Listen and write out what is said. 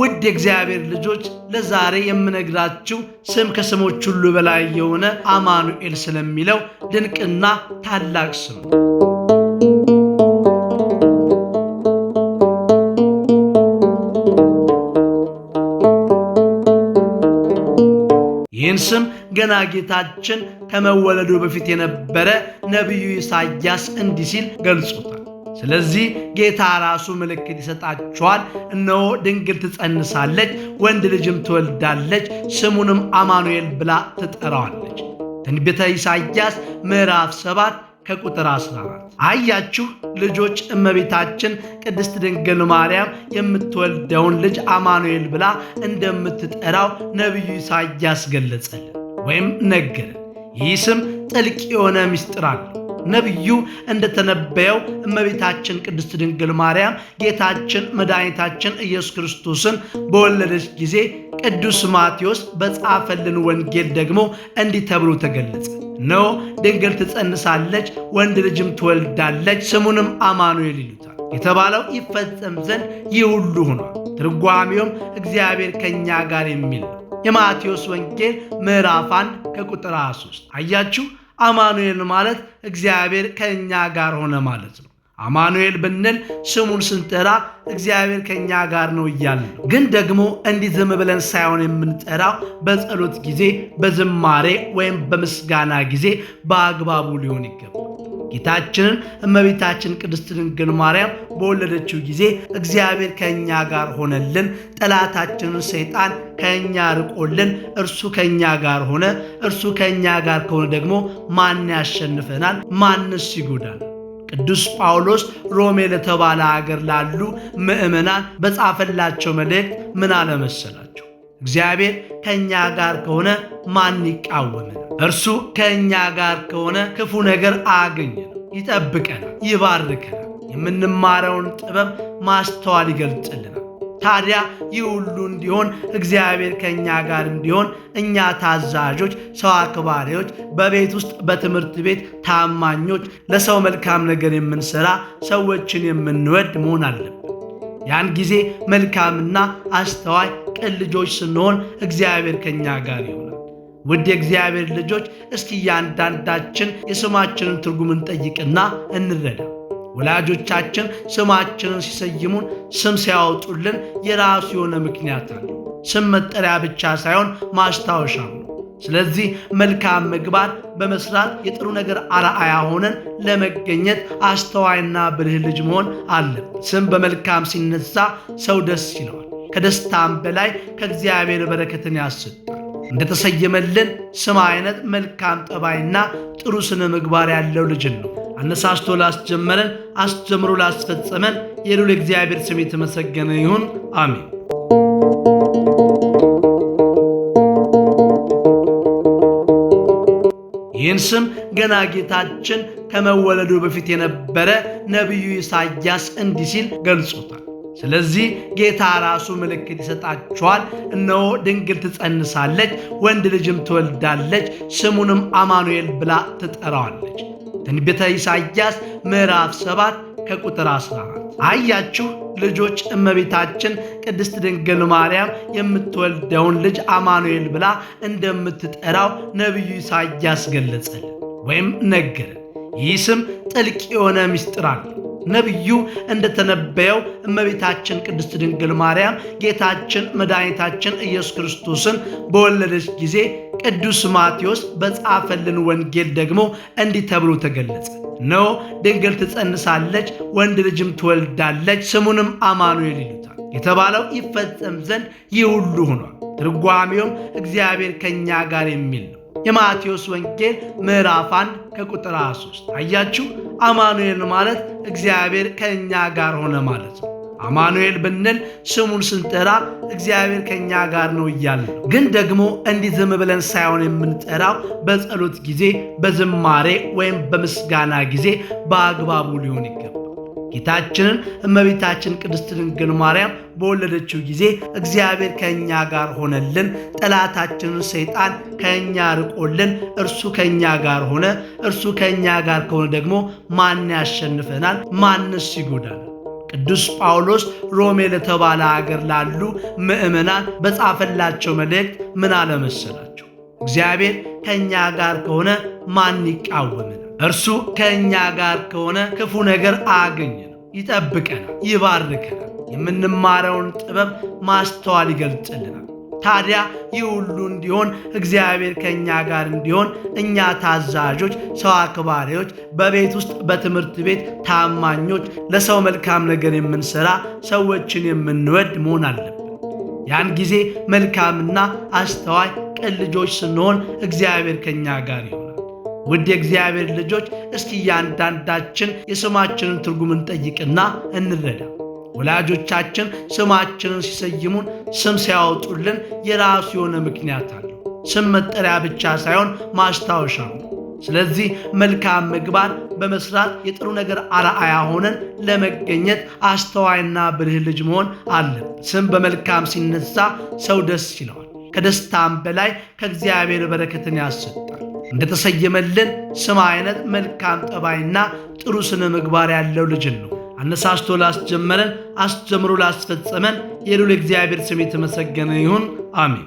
ውድ የእግዚአብሔር ልጆች ለዛሬ የምነግራችሁ ስም ከስሞች ሁሉ በላይ የሆነ አማኑኤል ስለሚለው ድንቅና ታላቅ ስም ይህን ስም ገና ጌታችን ከመወለዱ በፊት የነበረ ነቢዩ ኢሳያስ እንዲህ ሲል ገልጾታል። ስለዚህ ጌታ ራሱ ምልክት ይሰጣችኋል። እነሆ ድንግል ትጸንሳለች፣ ወንድ ልጅም ትወልዳለች፣ ስሙንም አማኑኤል ብላ ትጠራዋለች። ትንቢተ ኢሳይያስ ምዕራፍ 7 ከቁጥር 14 አያችሁ ልጆች እመቤታችን ቅድስት ድንግል ማርያም የምትወልደውን ልጅ አማኑኤል ብላ እንደምትጠራው ነቢዩ ኢሳይያስ ገለጸልን ወይም ነገርን። ይህ ስም ጥልቅ የሆነ ምስጢር አለው። ነቢዩ እንደተነበየው እመቤታችን ቅድስት ድንግል ማርያም ጌታችን መድኃኒታችን ኢየሱስ ክርስቶስን በወለደች ጊዜ ቅዱስ ማቴዎስ በጻፈልን ወንጌል ደግሞ እንዲህ ተብሎ ተገለጸ። እነሆ ድንግል ትጸንሳለች፣ ወንድ ልጅም ትወልዳለች፣ ስሙንም አማኑኤል ይሉታል የተባለው ይፈጸም ዘንድ ይህ ሁሉ ሆኗል። ትርጓሜውም እግዚአብሔር ከእኛ ጋር የሚል ነው። የማቴዎስ ወንጌል ምዕራፍ 1 ከቁጥር 23 አያችሁ። አማኑኤል ማለት እግዚአብሔር ከእኛ ጋር ሆነ ማለት ነው። አማኑኤል ብንል ስሙን ስንጠራ እግዚአብሔር ከእኛ ጋር ነው እያለ ነው። ግን ደግሞ እንዲህ ዝም ብለን ሳይሆን የምንጠራው በጸሎት ጊዜ፣ በዝማሬ ወይም በምስጋና ጊዜ በአግባቡ ሊሆን ይገባል። ጌታችንን እመቤታችን ቅድስት ድንግል ማርያም በወለደችው ጊዜ እግዚአብሔር ከእኛ ጋር ሆነልን፣ ጠላታችንን ሰይጣን ከእኛ ርቆልን፣ እርሱ ከእኛ ጋር ሆነ። እርሱ ከእኛ ጋር ከሆነ ደግሞ ማን ያሸንፈናል? ማንስ ይጎዳል? ቅዱስ ጳውሎስ ሮሜ ለተባለ አገር ላሉ ምዕመናን በጻፈላቸው መልእክት ምን አለመሰላቸው? እግዚአብሔር ከእኛ ጋር ከሆነ ማን ይቃወመን? እርሱ ከእኛ ጋር ከሆነ ክፉ ነገር አያገኘንም፣ ይጠብቀናል፣ ይባርከናል። የምንማረውን ጥበብ ማስተዋል ይገልጽልናል። ታዲያ ይህ ሁሉ እንዲሆን እግዚአብሔር ከእኛ ጋር እንዲሆን እኛ ታዛዦች፣ ሰው አክባሪዎች፣ በቤት ውስጥ በትምህርት ቤት ታማኞች፣ ለሰው መልካም ነገር የምንሰራ ሰዎችን የምንወድ መሆን አለብን። ያን ጊዜ መልካምና አስተዋይ የቅን ልጆች ስንሆን እግዚአብሔር ከእኛ ጋር ይሆናል። ውድ የእግዚአብሔር ልጆች፣ እስኪ እያንዳንዳችን የስማችንን ትርጉም እንጠይቅና እንረዳ። ወላጆቻችን ስማችንን ሲሰይሙን፣ ስም ሲያወጡልን የራሱ የሆነ ምክንያት አለ። ስም መጠሪያ ብቻ ሳይሆን ማስታወሻ ነው። ስለዚህ መልካም ምግባር በመስራት የጥሩ ነገር አርአያ ሆነን ለመገኘት አስተዋይና ብልህ ልጅ መሆን አለብን። ስም በመልካም ሲነሳ ሰው ደስ ይለዋል። ከደስታም በላይ ከእግዚአብሔር በረከትን ያስባል። እንደተሰየመልን ስም አይነት መልካም ጠባይና ጥሩ ስነ ምግባር ያለው ልጅን ነው። አነሳስቶ ላስጀመረን አስጀምሮ ላስፈጸመን የልዑል እግዚአብሔር ስም የተመሰገነ ይሁን። አሜን። ይህን ስም ገና ጌታችን ከመወለዱ በፊት የነበረ ነቢዩ ኢሳያስ እንዲህ ሲል ገልጾታል። ስለዚህ ጌታ ራሱ ምልክት ይሰጣችኋል። እነሆ ድንግል ትጸንሳለች፣ ወንድ ልጅም ትወልዳለች፣ ስሙንም አማኑኤል ብላ ትጠራዋለች። ትንቢተ ኢሳይያስ ምዕራፍ 7 ከቁጥር 14። አያችሁ ልጆች እመቤታችን ቅድስት ድንግል ማርያም የምትወልደውን ልጅ አማኑኤል ብላ እንደምትጠራው ነቢዩ ኢሳይያስ ገለጸልን ወይም ነገርን። ይህ ስም ጥልቅ የሆነ ምስጢር አለው። ነቢዩ እንደተነበየው እመቤታችን ቅድስት ድንግል ማርያም ጌታችን መድኃኒታችን ኢየሱስ ክርስቶስን በወለደች ጊዜ ቅዱስ ማቴዎስ በጻፈልን ወንጌል ደግሞ እንዲህ ተብሎ ተገለጸ። እነሆ ድንግል ትጸንሳለች፣ ወንድ ልጅም ትወልዳለች፣ ስሙንም አማኑኤል ይሉታል የተባለው ይፈጸም ዘንድ ይህ ሁሉ ሆኗል። ትርጓሜውም እግዚአብሔር ከእኛ ጋር የሚል ነው። የማቴዎስ ወንጌል ምዕራፍ 1 ከቁጥር 23። አያችሁ አማኑኤል ማለት እግዚአብሔር ከእኛ ጋር ሆነ ማለት ነው። አማኑኤል ብንል ስሙን ስንጠራ እግዚአብሔር ከእኛ ጋር ነው እያለ ነው። ግን ደግሞ እንዲህ ዝም ብለን ሳይሆን የምንጠራው በጸሎት ጊዜ፣ በዝማሬ ወይም በምስጋና ጊዜ በአግባቡ ሊሆን ይገባል። ጌታችንን እመቤታችን ቅድስት ድንግል ማርያም በወለደችው ጊዜ እግዚአብሔር ከእኛ ጋር ሆነልን፣ ጠላታችንን ሰይጣን ከእኛ ርቆልን፣ እርሱ ከእኛ ጋር ሆነ። እርሱ ከእኛ ጋር ከሆነ ደግሞ ማን ያሸንፈናል? ማንስ ይጎዳል? ቅዱስ ጳውሎስ ሮሜ ለተባለ አገር ላሉ ምዕመናን በጻፈላቸው መልእክት ምን አለመሰላቸው? እግዚአብሔር ከእኛ ጋር ከሆነ ማን ይቃወምን? እርሱ ከእኛ ጋር ከሆነ ክፉ ነገር አያገኘንም፣ ይጠብቀናል፣ ይባርከናል፣ የምንማረውን ጥበብ ማስተዋል ይገልጽልናል። ታዲያ ይህ ሁሉ እንዲሆን እግዚአብሔር ከእኛ ጋር እንዲሆን እኛ ታዛዦች፣ ሰው አክባሪዎች፣ በቤት ውስጥ በትምህርት ቤት ታማኞች፣ ለሰው መልካም ነገር የምንሰራ ሰዎችን የምንወድ መሆን አለብን። ያን ጊዜ መልካምና አስተዋይ ቅን ልጆች ስንሆን እግዚአብሔር ከእኛ ጋር ይሆን። ውድ የእግዚአብሔር ልጆች እስኪ እያንዳንዳችን የስማችንን ትርጉም እንጠይቅና እንረዳ። ወላጆቻችን ስማችንን ሲሰይሙን፣ ስም ሲያወጡልን የራሱ የሆነ ምክንያት አለው። ስም መጠሪያ ብቻ ሳይሆን ማስታወሻ ነው። ስለዚህ መልካም ምግባር በመስራት የጥሩ ነገር አርአያ ሆነን ለመገኘት አስተዋይና ብልህ ልጅ መሆን አለ። ስም በመልካም ሲነሳ ሰው ደስ ይለዋል። ከደስታም በላይ ከእግዚአብሔር በረከትን ያሰጣል። እንደተሰየመልን ስም አይነት መልካም ጠባይና ጥሩ ስነ ምግባር ያለው ልጅን ነው። አነሳስቶ ላስጀመረን አስጀምሮ ላስፈጸመን የሉል እግዚአብሔር ስም የተመሰገነ ይሁን። አሜን።